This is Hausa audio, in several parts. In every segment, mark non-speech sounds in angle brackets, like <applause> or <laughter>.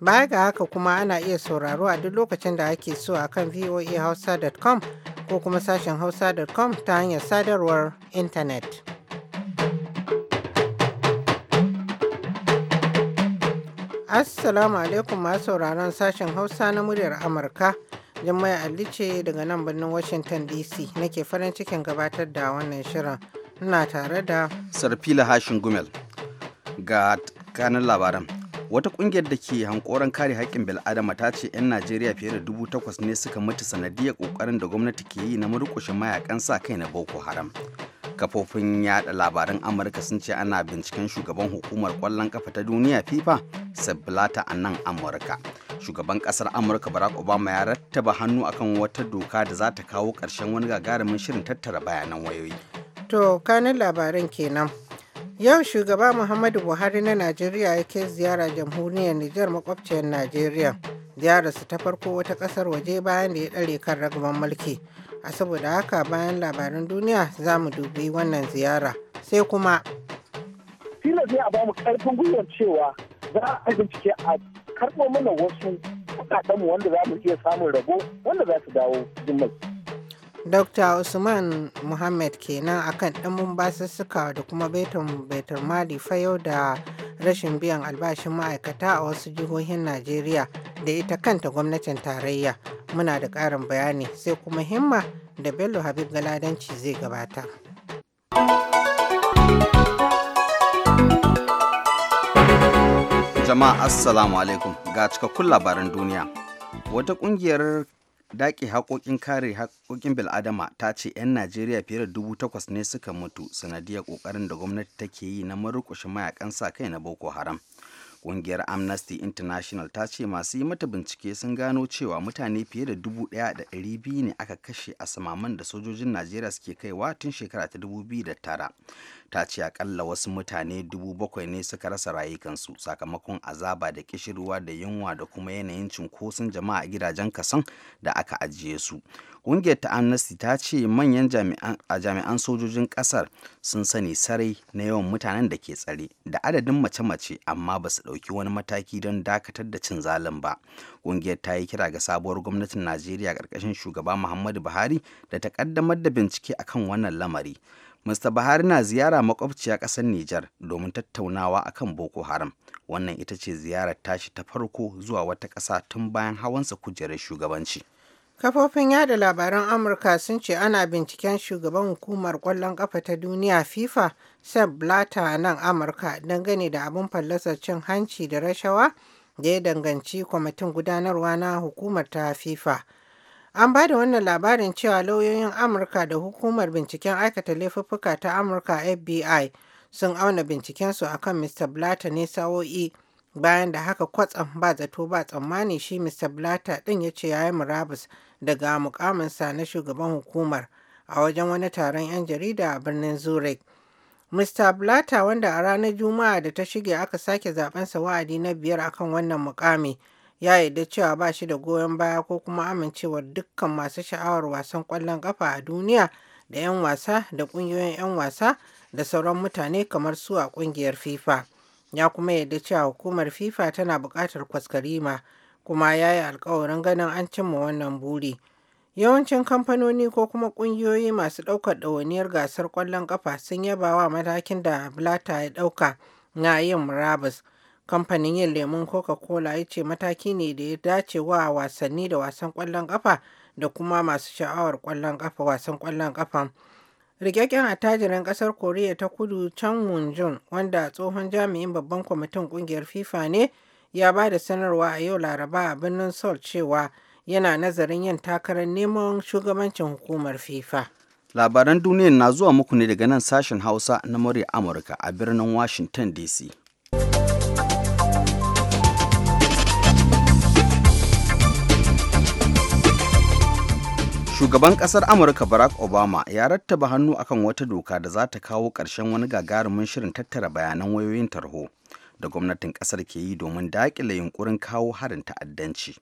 Baya ga haka kuma ana iya sauraro a duk lokacin da ake so a kan voahausa.com ko kuma sashen hausa.com ta hanyar sadarwar intanet. Assalamu alaikum masu sauraron sashen hausa na muryar Amurka. Jummai Ali ce daga nan birnin Washington DC nake farin cikin gabatar da wannan shirin. Ina tare da Sarfila Hashin Gumel ga kanin labaran. wata kungiyar da ke hankoron kare haƙƙin bil'adama ta ce 'yan najeriya fiye da dubu takwas ne suka mutu sanadiyar ƙoƙarin da gwamnati ke yi na murƙushe mayakan sa kai na boko haram kafofin yada labaran amurka sun ce ana binciken shugaban hukumar kwallon kafa ta duniya fifa sabbilata a nan amurka shugaban kasar amurka barack obama ya rattaba hannu akan wata doka da za ta kawo ƙarshen wani gagarumin shirin tattara bayanan wayoyi to kanin labaran kenan Yau shugaba Muhammadu Buhari na Najeriya ya ke ziyara jamhuriyar Nijar makwabciyar Najeriya. Ziyararsa ta farko wata ƙasar waje bayan da ya ɗare kan ragaban mulki. A saboda haka bayan labaran duniya za mu dubi wannan ziyara. Sai kuma. fila zai a bamu karfin gwiwar cewa za a bincike a karɓo mana wasu kuɗaɗenmu wanda za mu iya samun rago wanda za su dawo jimmai. Dr. Usman Muhammad kenan akan ɗan basussuka da kuma baitar mali yau da rashin biyan albashin ma'aikata a wasu jihohin Najeriya da ita kanta gwamnatin tarayya. Muna da ƙarin bayani sai kuma himma da Bello Habib Galadanci zai gabata. Jama'a Assalamu alaikum ga cikakkun labaran duniya. Wata ƙungiyar daƙi haƙoƙin kare haƙoƙin bil'adama ta ce 'yan najeriya fiye da dubu takwas ne suka mutu sanadiyar ƙoƙarin da gwamnati take yi na marukushin mayakan sa kai na boko haram ƙungiyar amnesty international ta ce masu yi mata bincike sun gano cewa mutane fiye da dubu ɗaya da ɗari biyu ne aka kashe a samaman da sojojin najeriya suke kaiwa tun shekara ta dubu biyu da tara ta ce akalla wasu mutane dubu bakwai ne suka rasa rayukansu sakamakon azaba da kishirwa da yunwa da kuma yanayin cunkoson jama'a a gidajen kasan da aka ajiye su ƙungiyar ta amnesty ta ce manyan jami'an sojojin kasar sun sani sarai na yawan mutanen da ke tsare da adadin mace-mace amma ba su ɗauki wani mataki don dakatar da cin zalin ba ƙungiyar ta yi kira ga sabuwar gwamnatin najeriya ƙarƙashin shugaba muhammadu buhari da ta ƙaddamar da bincike akan wannan lamari Mr. Buhari na ziyara makwabciya ƙasar Nijar domin tattaunawa a kan Boko Haram. Wannan ita ce ziyarar tashi ta farko zuwa wata ƙasa tun bayan hawansa kujerar shugabanci. Kafofin yada labaran Amurka sun ce ana binciken shugaban hukumar ƙwallon ƙafa ta duniya FIFA, Sepp Blatter a nan Amurka dangane da abin fallasar cin hanci da rashawa da ya danganci kwamitin gudanarwa na hukumar ta FIFA. An ba da wannan labarin cewa lauyoyin Amurka da Hukumar Binciken Aikata Laifuffuka ta Amurka FBI sun auna bincikensu a kan Mr. Blatter ne sa'o'i bayan da haka kwatsam ba zato ba tsammani shi Mr. Blatter ɗin ya ce ya yi murabus daga mukaminsa na shugaban hukumar a wajen wani taron 'yan jarida a birnin Zurich. Mr. Blatter wanda a ranar Juma'a da ta shige aka sake zabensa wa'adi na biyar akan wannan mukami. ya yarda cewa ba shi da goyon baya ko kuma amincewar dukkan masu sha'awar wasan kwallon ƙafa a duniya da 'yan wasa da ƙungiyoyin 'yan wasa da sauran mutane kamar su a ƙungiyar FIFA. Ya kuma yarda cewa hukumar FIFA tana buƙatar kwaskarima kuma ya yi alkawarin ganin an cimma wannan buri. Yawancin kamfanoni ko kuma ƙungiyoyi masu ɗaukar ɗawainiyar gasar ƙwallon ƙafa sun yaba wa matakin da Blata ya ɗauka na yin murabus. kamfanin yin lemun coca-cola ya ce mataki ne da ya dace wa wasanni da wasan kwallon kafa da kuma masu sha'awar kwallon kafa wasan kwallon kafa rikakken attajirin kasar koriya ta kudu chan wunjun wanda tsohon jami'in babban kwamitin kungiyar fifa ne ya ba da sanarwa a yau laraba a birnin seoul cewa yana nazarin yin takarar neman shugabancin hukumar fifa labaran duniya na zuwa muku ne daga nan sashen hausa na murya amurka a birnin washington dc shugaban ƙasar amurka barack obama ya rattaba hannu akan wata doka da za ta kawo ƙarshen wani gagarumin shirin tattara bayanan wayoyin tarho da gwamnatin ƙasar ke yi domin daƙile yunkurin kawo harin ta'addanci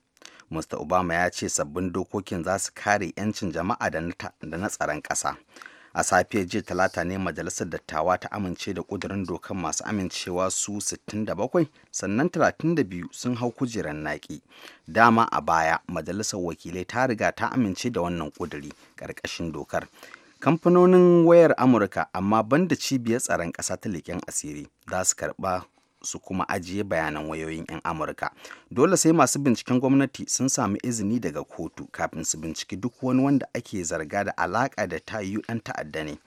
mr obama ya ce sabbin dokokin za su kare 'yancin jama'a da na tsaron ƙasa a safiyar jiya talata ne majalisar dattawa ta amince da ƙudirin dokan masu amincewa su 67 sannan 32 sun hau kujerar naƙi dama a baya majalisar wakilai ta riga ta amince da wannan ƙudiri: ƙarƙashin dokar kamfanonin wayar amurka amma banda cibiyar tsaron ƙasa ta leƙen asiri za su karɓa su kuma ajiye bayanan wayoyin 'yan amurka dole sai masu binciken gwamnati sun sami izini daga kotu kafin su binciki duk wani wanda ake zarga da alaƙa da ta yi ɗan ta'adda ne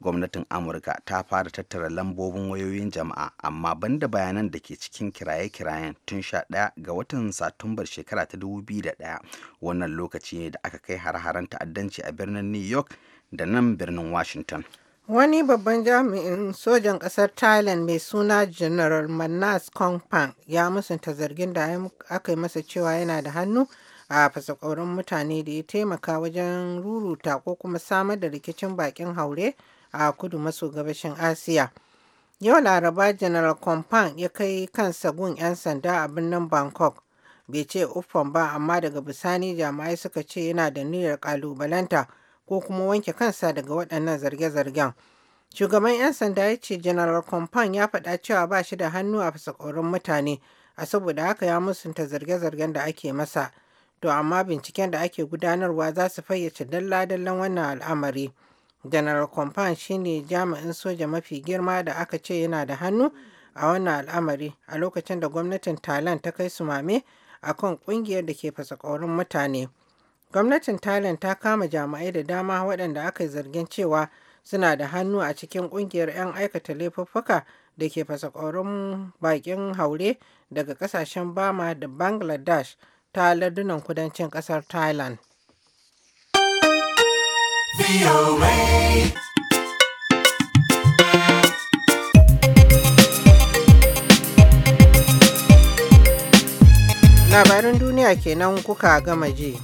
gwamnatin amurka ta fara tattara lambobin wayoyin jama'a amma banda bayanan da ke cikin kiraye-kirayen tun sha ɗaya ga watan satumbar shekara ta dubu biyu da 2001 wannan lokaci ne da aka kai har-haren ta'addanci a birnin new york da nan birnin washington Wani babban jami'in sojan ƙasar Thailand mai suna General Manas Kongpang ya musanta zargin da aka yi masa cewa yana da hannu a fasakorin mutane da ya taimaka wajen ruruta ko kuma samar da rikicin bakin haure a kudu maso gabashin Asiya. Yau Laraba General Kongpang ya kai kansa gun 'yan sanda a birnin Bangkok. Bai ce uffan ba amma daga bisani jama'ai suka ce yana da niyyar ƙalubalanta. ko kuma wanke kansa daga waɗannan zarge-zargen. Shugaban 'yan sanda ya ce General Compan ya faɗa cewa ba shi da hannu a fasakorin mutane, a saboda haka ya musunta zarge-zargen da ake masa. To amma binciken da ake gudanarwa za su fayyace dalla-dallan wannan al'amari. General Compan ne jami'in soja mafi girma da aka ce yana da hannu a wannan al'amari a lokacin da gwamnatin Thailand ta kai sumame a kan ƙungiyar da ke fasakorin mutane. Gwamnatin Thailand ta kama jami'ai da dama waɗanda aka yi zargin cewa suna da hannu a cikin ƙungiyar 'yan aikata laifuffuka da ke fasakorin baƙin haure daga ƙasashen Bama da Bangladesh ta lardunan kudancin ƙasar Thailand. Labarin duniya kenan kuka gama ji.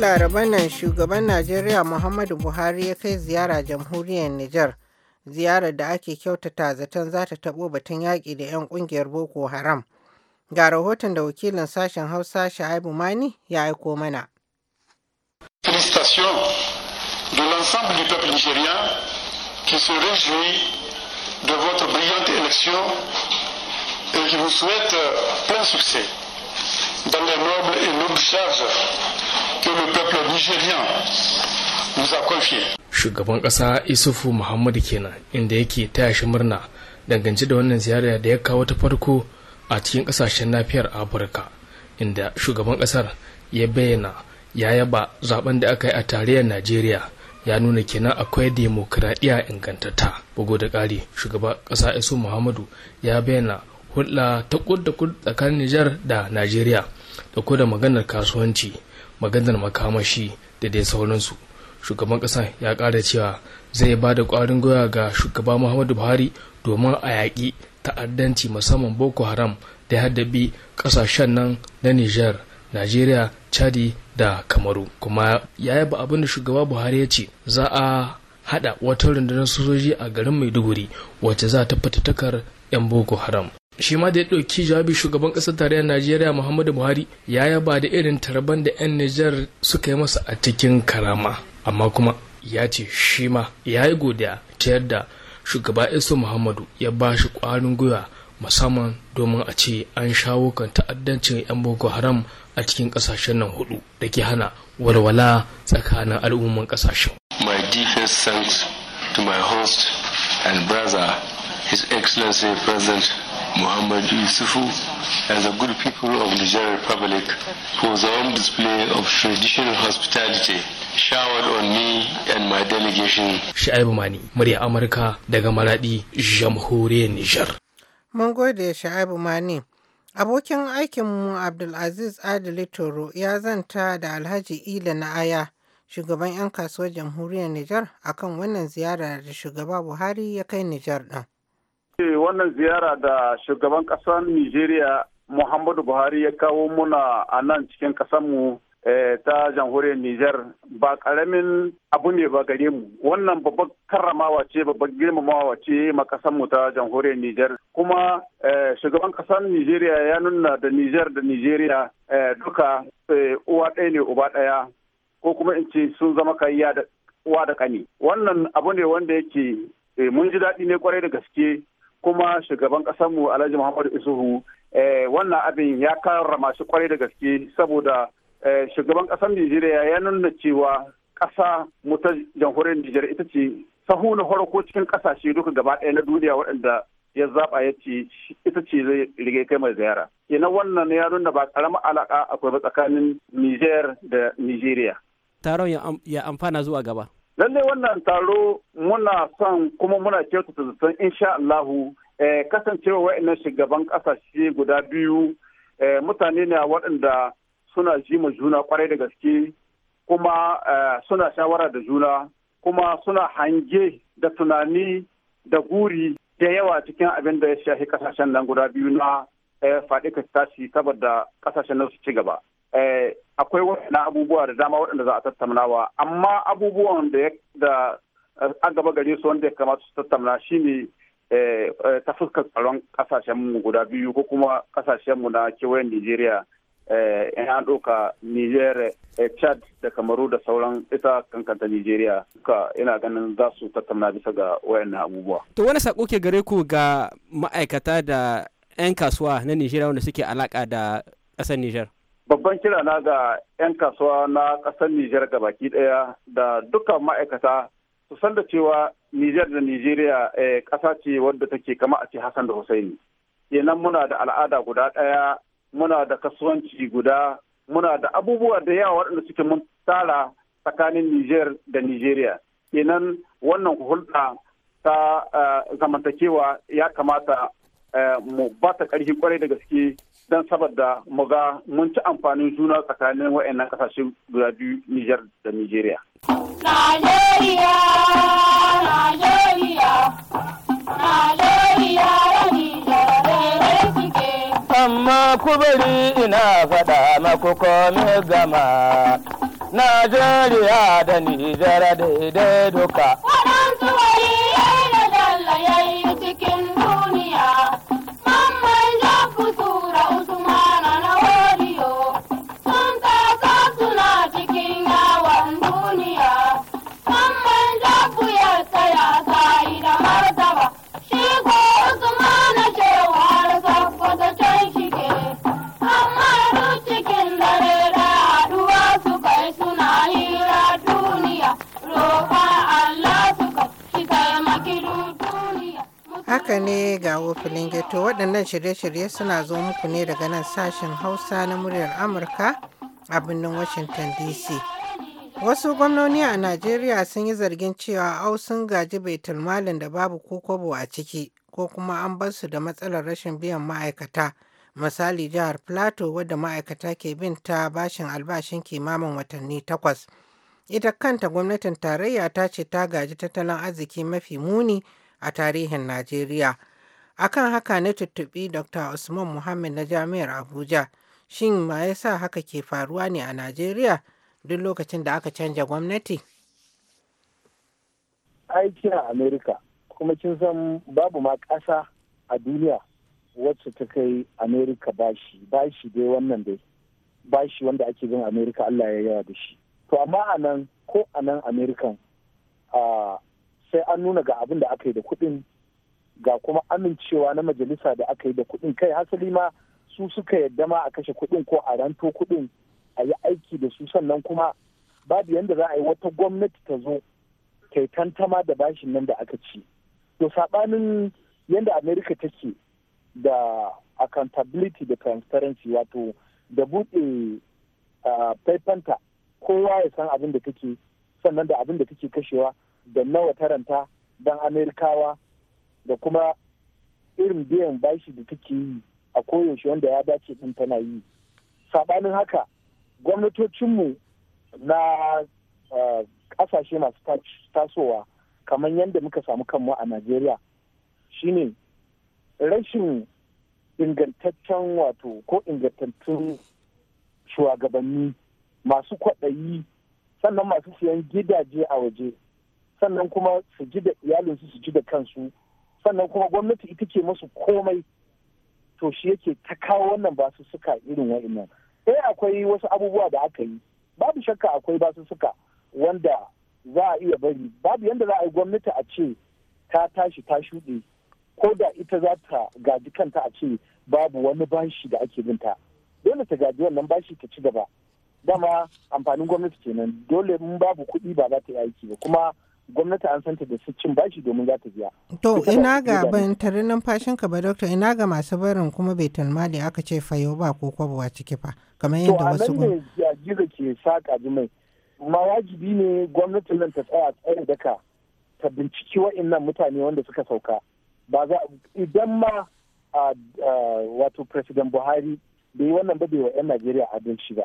laraba nan shugaban Najeriya Muhammadu Buhari ya kai ziyara jamhuriyar Nijar, ziyarar da ake kyautata zaton za ta taɓo batun yaƙi da 'yan ƙungiyar Boko Haram. Ga rahoton da wakilin sashen Hausa Sha'ibu Mani ya aiko mana. de votre brillante élection et qui vous souhaite plein succès dans les nobles et nobles charges Shugaban ƙasa Isufu Muhammadu kenan inda yake taya shi murna dangance da wannan ziyara da ya kawo ta farko a cikin ƙasashen nafiyar Afirka inda shugaban ƙasar ya bayyana ya yaba zaben da aka yi a tarayyar Najeriya ya nuna kenan akwai demokuraɗiyya ingantatta bugu da ƙari shugaban ƙasa Isu Muhammadu ya bayyana hulɗa ta kud da tsakanin Nijar da Najeriya da da maganar kasuwanci maganar makamashi da dai sauransu shugaban kasa ya kara cewa zai ba da ƙwarin goya ga shugaba muhammadu buhari domin a yaƙi ta'addanci musamman boko haram da ya haddabi ƙasashen nan na niger nigeria chadi da kamaru kuma ya yaba abin da shugaba buhari ya ce za a haɗa wata rundunar sojoji a garin maiduguri wacce za ta fatattakar 'yan boko haram shi ma da ya ɗauki jawabi shugaban ƙasar tarayyar najeriya muhammadu buhari ya yaba da irin tarban da 'yan nijar suka yi masa a cikin karama amma kuma ya ce shi ma ya yi godiya ta yadda shugaba iso muhammadu ya ba shi ƙwarin gwiwa musamman domin a ce an shawo kan ta'addancin 'yan boko haram a cikin ƙasashen nan hudu da ke hana walwala tsakanin al'umman ƙasashen. my deepest thanks to my host and brother his excellency president Muhammad Yusufu as a good people of the general public for the own display of traditional hospitality showered on me and my delegation. Sha'ibu Mani, murya Amurka daga Maradi, Jamhuriyar Nijar. Mun gode Sha'ibu Mani. Abokin aikinmu Abdulaziz Adili Toro ya zanta da Alhaji Ila na Aya, shugaban 'yan kasuwar Jamhuriyar Nijar, akan wannan ziyara da shugaba Buhari ya kai Nijar ɗin. Wannan ziyara da shugaban ƙasar Nijeriya Muhammadu Buhari ya kawo muna a nan cikin ƙasarmu eh, ta jamhuriyar Nijar ba ƙaramin abu ne ba gare mu. Wannan babbar karramawa ce babbar girmamawa ce ma mu ta jamhuriyar Nijar. Kuma eh, shugaban ƙasar nigeria ya nuna da Nijar da nigeria eh, duka uwa ɗaya ne uba ɗaya ko kuma in ce sun zama kayya da uwa da kani Wannan abu ne wanda yake mun ji daɗi ne kwarai da gaske kuma shugaban ƙasarmu alhaji muhammadu isuhu eh, wannan abin ya kara shi kwarai da gaske saboda eh, shugaban ƙasar nijeriya ya nuna cewa ƙasa mu ta jamhuriyar nijar ita ce sahu na farko cikin ƙasashe duka gaba ɗaya na duniya waɗanda ya zaɓa ya ce ita ce zai rige kai mai ziyara ina wannan ya nuna ba ƙaramin alaƙa akwai ba tsakanin nijar da nijeriya taron ya amfana zuwa gaba lallai wannan taro muna son kuma muna kyautata zaton insha Allahu eh, kasancewa wa'annan shugaban kasashe guda biyu eh, mutane ne waɗanda suna ji ma juna kwarai da gaske kuma eh, suna shawara da juna kuma suna hange da tunani da guri da yawa cikin abin da ya shafi kasashen nan guda biyu na faɗi ka tashi saboda kasashen nan su ci gaba. akwai na abubuwa da dama waɗanda za a tattaunawa amma abubuwan da da an gaba gare su wanda ya kamata su tattauna ne eh, eh, ta fuskar tsaron kasashenmu guda biyu ko kuma kasashenmu na kewayen nigeria eh, in an ɗauka Niger, Chad da Kamaru da sauran ita kankanta nigeria ka ina ganin za su tattauna bisa ga wayannan abubuwa. To wani sako ke gare ku ga ma'aikata da 'yan kasuwa na Nigeria wanda suke alaka da ƙasar Nijar? babban kira na ga 'yan kasuwa na ƙasar Nijar ga baki ɗaya da dukkan ma'aikata su san da cewa Nijar da Nijeriya eh, ƙasa ce wadda take kama a ce Hassan da Hussaini. Kenan muna da al'ada guda ɗaya, muna da kasuwanci guda, muna da abubuwa da yawa waɗanda suke mun tara tsakanin Nijar da Nijeriya. Kenan wannan hulɗa ta eh, zamantakewa ya kamata Eh, mu ba ta ƙarfi kwarai da gaske don saboda mu ga mun ci amfanin juna tsakanin wa'annan ƙasashen guda biyu Nijar da Nijeriya. Amma ku bari ina faɗa maku komi gama, Najeriya da Nijar daidai duka. Haka ne ga wofilin ghetto waɗannan shirye-shirye suna zo muku ne daga nan sashen Hausa na muryar Amurka a birnin Washington DC. Wasu gwamnoni a Najeriya sun yi zargin cewa au sun gaji baitulmalin da babu ko kobo a ciki ko kuma an bar su da matsalar rashin biyan ma'aikata. Misali jihar Plateau wadda ma'aikata ke bin ta bashin albashin kimamin watanni takwas. Ita kanta gwamnatin tarayya ta ce ta gaji tattalin arziki mafi muni a tarihin Najeriya. Akan haka na tuttubi Dr. Usman Muhammad na Jami'ar Abuja. Shin ma ya sa haka ke faruwa ne a Najeriya duk lokacin da aka canja gwamnati? Aiki a Amerika, kuma kin san babu ma ƙasa a duniya wacce ta kai Amerika bashi, bashi dai wannan dai, bashi wanda ake bin Amerika Allah ya yawa da shi. To amma a ko a nan Amerikan sai an nuna ga abin da aka yi da kuɗin ga kuma amincewa na majalisa da aka yi da kuɗin kai hasali ma su suka yadda ma a kashe kuɗin ko a ranto kuɗin a yi aiki da su sannan kuma babu yadda za a yi wata gwamnati ta zo ta tantama da bashin nan da aka ci to saɓanin yadda america take da accountability da transparency wato da buɗe faifanta ah, kowa ya san abin da take sannan da abin da take kashewa da nawa taranta don amerikawa da kuma irin biyan bashi da take yi a koyaushe wanda ya dace din tana yi saɓanin haka gwamnatocinmu na eh, kasashe masu tasowa kamar yadda muka samu kanmu a najeriya shine rashin ingantaccen wato ko ingantattun shugabanni masu kwaɗayi sannan masu siyan gidaje a waje sannan kuma su ji da iyalinsu su ji da kansu sannan kuma gwamnati ita ke masu komai to shi yake ta kawo wannan basu suka irin wa'annan sai eh, akwai wasu abubuwa da aka yi babu shakka akwai basu suka wanda za a iya bari babu yadda za a yi gwamnati a ce ta tashi ta shuɗe ko da ita za ta gaji kanta a ce babu wani bashi da ake binta dole ta gaji wannan bashi ta ci gaba dama amfanin gwamnati kenan dole in babu kuɗi ba za ta yi aiki ba kuma gwamnati an santa da su cin bashi domin za ta biya. To ina ga ban tare numfashin ka ba doctor ina ga masu barin kuma bai talma aka ce fayo ba ko a ciki fa kamar yadda wasu gwamnati. To a nan ne ke saka jimai ma wajibi ne gwamnatin nan ta tsaya tsaye daka ta binciki wa'innan mutane wanda suka sauka ba za idan ma wato president Buhari bai yi wannan ba bai wa 'yan Najeriya adalci ba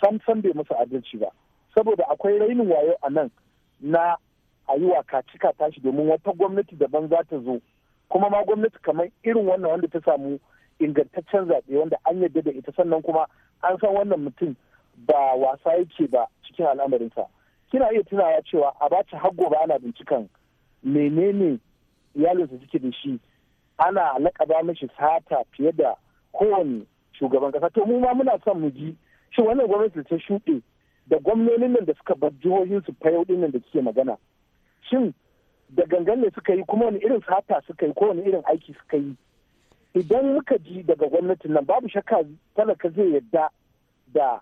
sam sam bai musu adalci ba saboda akwai rainin wayo a nan na a yi cika tashi domin wata gwamnati daban za ta zo kuma ma gwamnati kamar irin wannan wanda ta samu ingantaccen zaɓe wanda an yadda da ita sannan kuma an san wannan mutum ba wasa yake ba cikin al'amarinsa kina iya tunawa cewa a baci har gobe ana bincikan menene iyalinsa suke da shi ana lakaba mashi sata fiye da kowane shugaban kasa to mu ma muna son mu ji shi wannan gwamnati ta shuɗe da gwamnonin nan da suka bar jihohin su ɗin nan da suke magana shin da gangan ne suka yi kuma wani irin sata suka yi ko wani irin aiki suka yi idan muka ji daga gwamnatin nan babu shakka talaka zai yadda da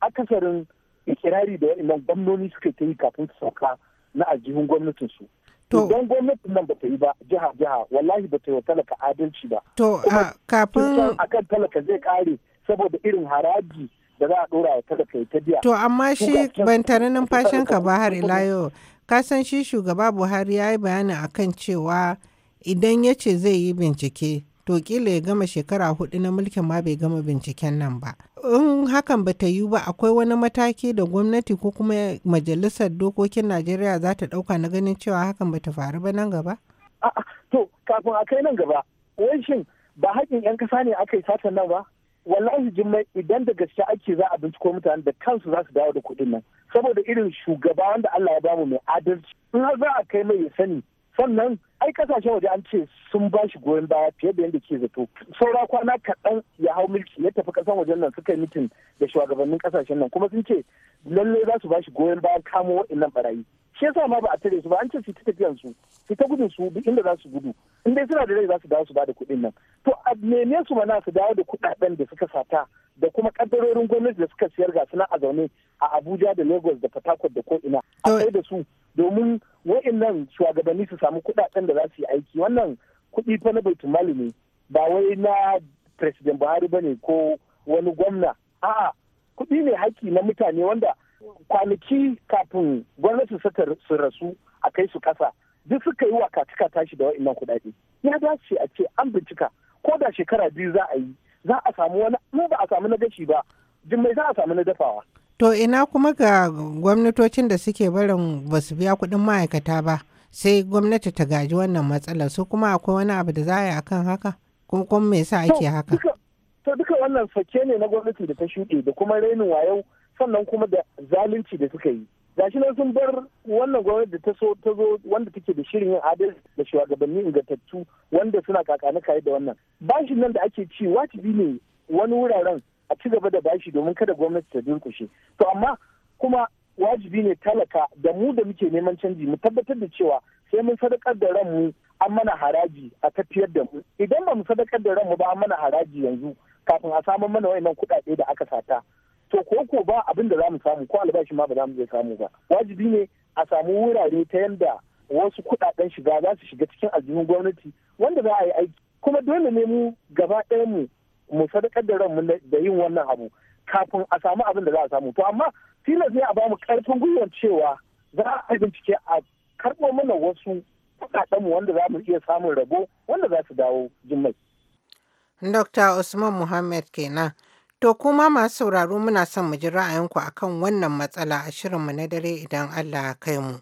akasarin ikirari da waɗannan gwamnoni suka ta yi kafin su sauka na aljihun gwamnatin su idan gwamnatin nan bata yi ba jiha jiha wallahi bata yi wa talaka adalci ba to kafin akan talaka zai kare saboda irin haraji da za a dora wa talaka ta biya to amma shi ban tare numfashinka ba har ila yau kasan shi shugaba buhari ya yi bayani a kan cewa idan ya ce zai yi bincike to kila ya gama shekara hudu na mulkin ma bai gama binciken nan ba in hakan ba ta yiwu ba akwai wani mataki da gwamnati ko kuma majalisar dokokin najeriya za ta dauka na ganin cewa hakan ba ta faru ba nan gaba to kafin a kai nan gaba wai shin ba haƙƙin 'yan kasa ne aka yi satan nan ba wallahi Jummai idan da gaske ake za a binciko mutane da kansu za su dawo da kuɗin nan saboda irin shugaba wanda Allah ya bamu mai adalci in har za a kai mai ya sani sannan ai kasashen waje an ce sun ba shi goyon baya fiye da yadda ke zato saura kwana kaɗan ya hau mulki ya tafi ƙasan wajen nan suka yi mitin da shugabannin kasashen nan kuma sun ce lallai za su ba shi goyon baya kamo waɗannan barayi shi yasa ma ba a tare su ba an ce su ta tafiyan su su ta gudun su duk inda za su gudu in dai suna da rai za su dawo su ba da kuɗin nan to a neme su mana su dawo da kuɗaɗen da suka sata da kuma ƙaddarorin gwamnati da suka siyar ga suna a zaune a Abuja da Lagos da fatakwal da ko ina a da su domin wa'annan shugabanni su samu kuɗaɗen da za su yi aiki wannan kuɗi fa na baitul ne ba wai na president buhari ba ne ko wani gwamna a'a kuɗi ne haƙƙi na mutane wanda kwanaki kafin gwamnati su rasu a kai su kasa duk suka yi wa katika tashi da wa'annan kuɗaɗe ya dace a ce an bincika ko da shekara biyu za a yi za a samu wani mu ba a samu na gashi ba jimmai za a samu na dafawa to ina kuma ga gwamnatocin da suke barin ba su biya kuɗin ma'aikata ba sai gwamnati ta gaji wannan matsalar su kuma akwai wani abu da za a yi akan haka kuma kuma me yasa ake haka to duka wannan sake ne na gwamnati da ta shuɗe da kuma rainin wayo sannan kuma da zalunci da suka yi gashi nan sun bar wannan gwamnati da ta so ta zo wanda take da shirin yin adal da shugabanni ingantattu wanda suna kakani kayi da wannan bashin nan da ake ci wajibi ne wani wuraren a ci gaba da bashi domin kada gwamnati ta durkushe to amma kuma wajibi ne talaka da mu da muke neman canji mu tabbatar da cewa sai mun sadakar da ranmu an mana haraji a tafiyar da mu idan ba mu sadakar da ranmu ba an mana haraji yanzu kafin a samu mana wayannan kuɗaɗe da aka sata to ko ko ba abin da zamu samu ko albashi ma ba za mu je samu ba wajibi ne a samu wurare ta yanda wasu kuɗaɗen shiga za su shiga cikin aljihun gwamnati wanda za a yi aiki kuma dole ne mu gaba ɗayan mu mu sadakar da ranmu da yin wannan abu kafin a samu abin da za a samu to amma kila zai a bamu karfin gwiwar cewa za a bincike a karɓo mana wasu mu wanda za mu iya samun rabo wanda za su dawo jimmai. Dr. Usman Muhammad kenan. To kuma masu sauraro muna son mu ji ra'ayinku akan wannan matsala a shirin mu na dare idan Allah ya kai mu.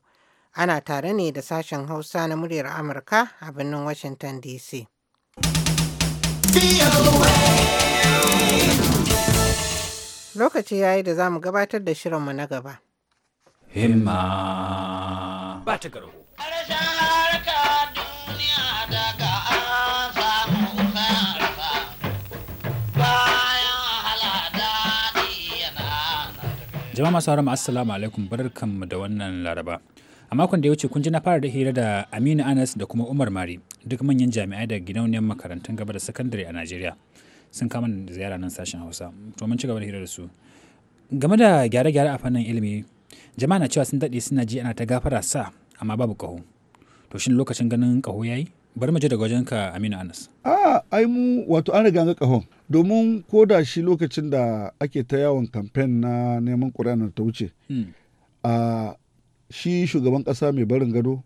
Ana tare ne da sashen Hausa na muryar Amurka a birnin Washington DC. Lokaci ya yi da za mu gabatar da shirinmu na gaba. Himma ba ta garo. Jama'a masu haramu assalamu alaikum barkanmu da wannan laraba. a makon da ya wuce kun ji na fara da hira da aminu anas da kuma umar mari duk manyan jami'ai da gidauniyar makarantun gaba da sakandare a najeriya sun kama ziyara nan sashen hausa to mun ci gaba da hira da su game da gyare-gyare a fannin ilimi jama'a na cewa sun daɗe suna ji ana ta gafara sa amma babu kaho to shin lokacin ganin ƙaho yayi bari mu ji daga wajenka Aminu Anas. A ai mu wato an riga ga kaho domin ko da shi lokacin da ake ta yawon kamfen na neman ƙuri'an ta wuce. Hmm. A shi shugaban ƙasa mai barin gado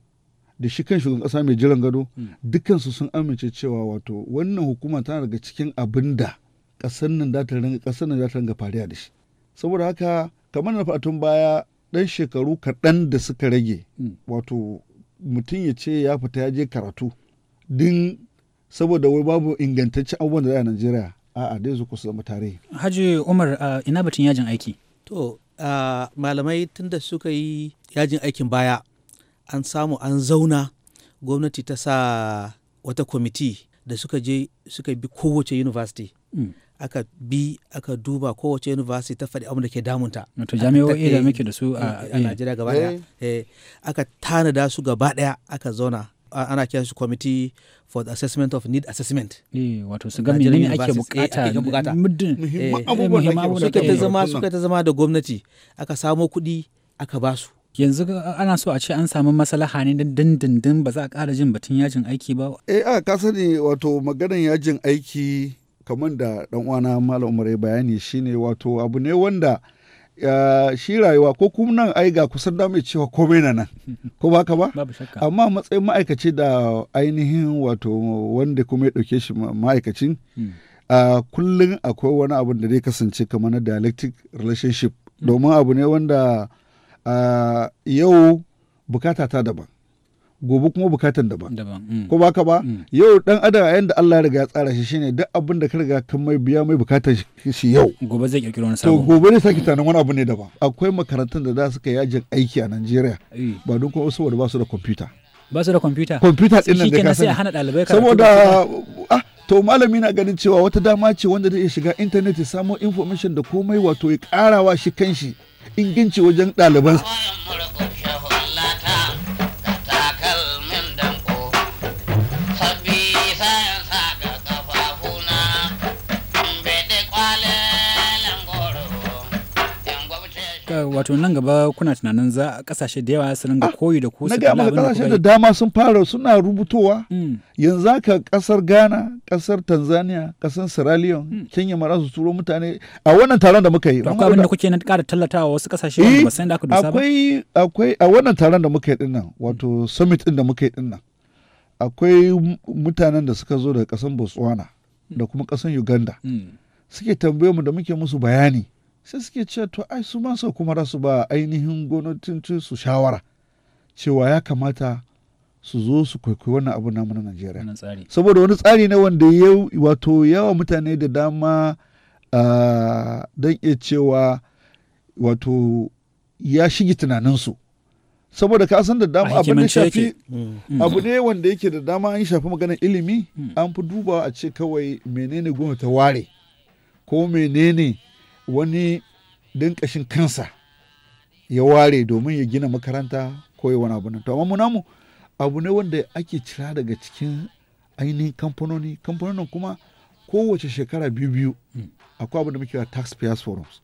da shi kan shugaban kasa mai jiran gado hmm. dukansu sun amince cewa wato wannan hukuma tana daga cikin abin da kasan nan nan ta ringa fariya da shi saboda haka kamar na fatun baya dan shekaru kaɗan da suka rage hmm. wato mutum ya ce ya fita ya je karatu din saboda wai babu ingantaccen abubuwan da za a najeriya a'a dai su kusa zama tare haji umar ina batun yajin aiki to malamai tunda suka yi yajin aikin baya an samu an zauna gwamnati ta sa wata kwamiti da suka je suka bi kowace university hmm. aka bi aka duba kowace university ta faɗi abin da ke damunta wato jami'o'i da eh, muke da su a eh. Najeriya gaba daya eh. aka tanada su gaba daya aka zauna ana kiran su committee for the assessment of need assessment wato su ga menene ake bukata bukata muhimman abubuwan da suka ta zama da gwamnati aka samo kuɗi aka basu yanzu ana so a ce an samu maslaha ne da dindindin ba za a ƙara jin batun yajin aiki ba eh a ka sani wato maganan yajin aiki kamar da dan uwana malam umar ya bayani shine wato abu ne wanda shi rayuwa ko kuma nan ai ga kusan da mai cewa komai na nan <laughs> ko ba ka ba amma matsayin ma'aikaci da ainihin wato wanda kuma ya ɗauke shi ma'aikacin hmm. kullum akwai wani abu da zai kasance kamar na dialectic relationship hmm. domin abu ne wanda yau bukata ta daban gobe kuma bukatan daban mm. ko ba ka ba mm. yau dan adam yayin da Allah ya riga ya tsara shi shine duk abin da ka riga ka mai biya mai bukatan shi yau gobe zai kirkiro wani sabon to gobe ne saki tanan wani abu ne daban akwai makarantun da za su kai yajin aiki a Najeriya ba duk kuma saboda ba su da computer ba su da computer computer din nan da ka sai hana dalibai saboda ah to malami na ganin cewa wata dama ce wanda zai shiga intanet ya samu information da komai wato ya karawa shi kanshi inganci wajen ɗaliban wato nan gaba kuna tunanin za a kasashe da yawa su ringa ah, koyi da ku su kalla abin da kasashe da dama sun fara suna rubutowa mm. yanzu aka kasar Ghana kasar Tanzania kasar Sierra Leone mm. Kenya ma su turo mutane a wannan taron da muka yi akwai abin da kuke na ƙara tallatawa wasu kasashe wanda eh, ba san da aka dosa ba akwai akwai a wannan taron da muka yi dinnan wato summit din da muka yi dinnan akwai mutanen da suka zo daga kasar Botswana mm. da kuma kasar Uganda suke tambaye mu da muke musu bayani sai suke cewa to ai su masu kuma rasu ba ainihin gwamnatin su shawara cewa ya kamata su zo su kwaikwayi wannan abu namu na Najeriya. Saboda wani tsari ne wanda ya wato yawa mutane da dama don iya cewa wato ya shige tunaninsu. Saboda ka san da dama abu ne shafi mm. Mm. abu ne wanda yake da dama an shafi maganar ilimi mm. an fi dubawa a ce kawai menene gwamnati ta ware ko menene wani dinkashin ƙashin kansa ya ware domin ya gina makaranta ko ya wani abu nan to amma mu abu ne wanda ake cira daga cikin ainihin kamfanoni kamfanonin kuma kowace shekara biyu biyu akwai abu da muke wa taxpayers forums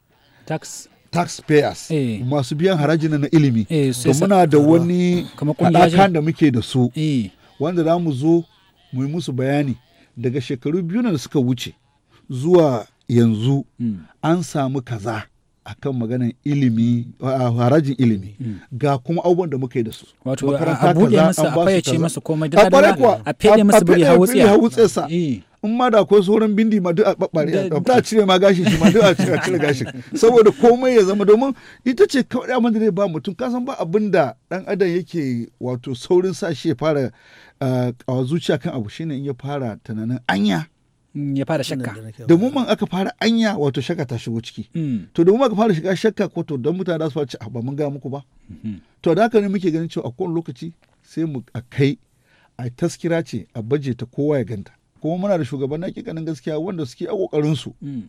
tax taxpayers eh. masu biyan haraji na ilimi eh, to muna da wani haɗakan da muke da su eh. wanda za mu zo mu yi musu bayani daga shekaru biyu da suka wuce zuwa yanzu hmm. an samu kaza a kan maganan ilimi a harajin ilimi hmm. ga kuma abubuwan da muka yi da su wato a buɗe masa a fayyace musu komai duk adama a fede musu biri hawutsiya sa eh. in ma da akwai sauran bindi ma duk a babbare ta cire ma gashin shi ma duk a cire gashin <laughs> saboda komai ya zama domin ita ce kawai amma da zai ba mutum kasan ba abin da dan adam yake wato saurin sa shi ya fara ah, a zuciya kan abu shine in ya fara tunanin anya ya fara shakka da mu man aka fara anya wato shakka ta shigo ciki mm. to da mu aka fara shiga shakka ko to don mutane su fara ci ah, ba mun ga muku ba mm-hmm. to da haka ne muke ganin cewa a kowane lokaci sai mu a kai a taskira ce a baje ta kowa ya ganta kuma muna da shugaban hakikanin gaskiya wanda suke a kokarin su mm.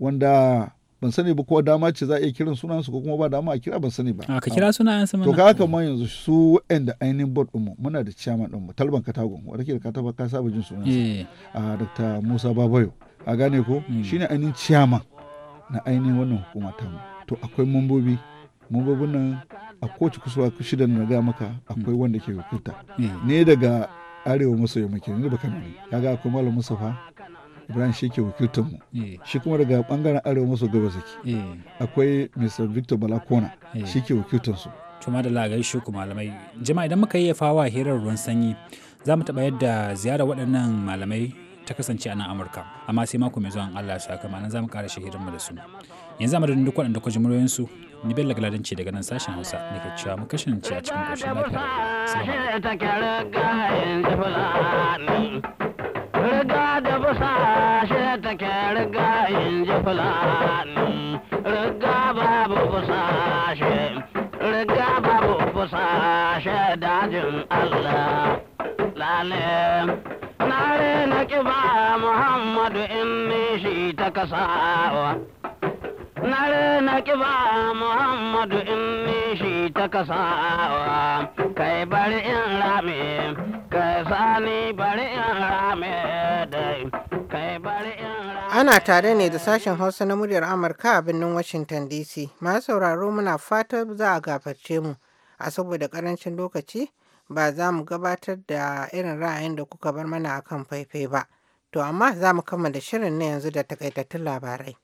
wanda ban sani ba ko dama ce za a iya kiran sunan su ko kuma ba dama a kira ban sani ba ka kira sunayen su to ka haka man yanzu su wa'anda ainihin board din mu muna da chairman din mu Talban Katagon wanda ke da taba ka saba jin sunan sa eh. a Dr. Musa Babayo a gane ko hmm. shine ainihin chairman na ainihin wannan hukuma ta mu to akwai mambobi mambobin nan a kowace kusurwa shida na ga maka akwai hmm. wanda ke hukunta. Eh. ne daga arewa maso yamma ke ne da baka ne. kaga akwai malam Mustafa ibrahim shi ke wakiltar mu eh. shi kuma daga bangaren arewa maso gabas yake eh. akwai mr victor balakona eh. shi ke wakiltar su tuma da lagai shi ku malamai jama'a idan muka yi fawa hirar ruwan sanyi za mu taɓa yadda ziyarar waɗannan malamai ta kasance a nan amurka amma sai mako mai zuwan allah sa kama nan za mu ƙara shahirinmu da su yanzu a madadin duk waɗanda kwaji muryoyinsu ni bella galadin ce daga nan sashen hausa ne ke cewa mu kasance a cikin ƙoshin lafiya riga in ji fulani riga babu fusashe riga babu fusashe dajin Allah lale na na ba Muhammadu in shi ta kasawa na na ba Muhammadu in shi ta kasawa kai bari in rame kai sani bari in rame Ana tare ne da sashen Hausa na muryar Amurka a birnin Washington DC. Masu sauraro muna fata za a gafarce mu, a saboda karancin lokaci ba za mu gabatar da irin ra'ayin da kuka bar mana a kan faifai ba. To amma za mu kammala shirin na yanzu da takaitattun labarai.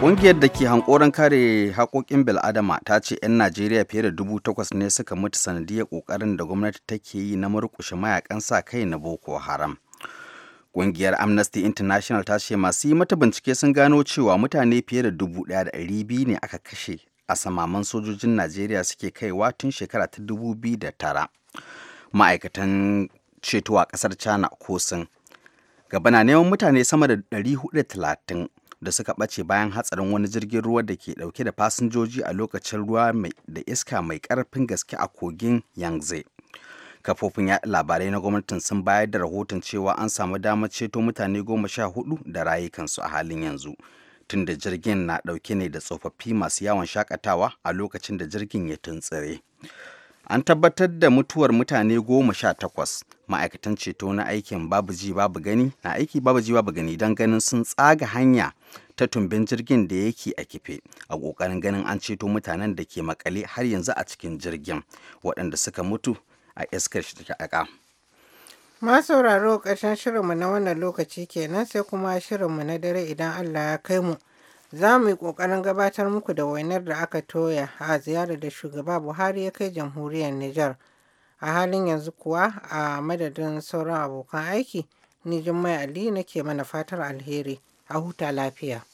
Ƙungiyar da ke hankoron kare haƙoƙin bil'adama ta ce 'yan Najeriya fiye da dubu takwas ne suka mutu sanadiyar ƙoƙarin da gwamnati take yi na murƙushe mayakan sa kai na Boko Haram. Ƙungiyar Amnesty International ta ce masu yi mata bincike sun gano cewa mutane fiye da dubu ɗaya da ɗari biyu ne aka kashe a samaman sojojin Najeriya suke kaiwa tun shekara ta dubu biyu da tara. Ma'aikatan ceto a ƙasar China ko sun gaba na neman mutane sama da hudu da ɗari talatin. da suka ɓace bayan hatsarin wani jirgin ruwa da ke ɗauke da fasinjoji a lokacin ruwa da iska mai ƙarfin gaske a kogin Yangtze. Kafofin yaɗa labarai na gwamnatin sun bayar da rahoton cewa an samu damar ceto mutane goma sha hudu da rayukansu a halin yanzu. Tunda jirgin na ɗauke ne da tsofaffi masu yawon shakatawa a lokacin da jirgin ya tuntsire. an tabbatar da mutuwar mutane goma sha takwas ma'aikatan ceto na aikin babu ji babu gani na aiki babu ji babu gani don ganin sun tsaga hanya ta tumbin jirgin da yake a kife a ƙoƙarin ganin an ceto mutanen da ke makale har yanzu a cikin jirgin waɗanda suka mutu a iskar aka ma sauraro ƙarshen shirinmu na wannan lokaci kenan sai kuma shirinmu na dare idan allah ya kai mu. Za mu yi ƙoƙarin gabatar muku da wainar da aka toya a ziyarar da shugaba Buhari ya kai jamhuriyar Nijar. A halin yanzu kuwa a madadin sauran abokan aiki, ni Jummai Ali nake mana fatar alheri, a huta lafiya.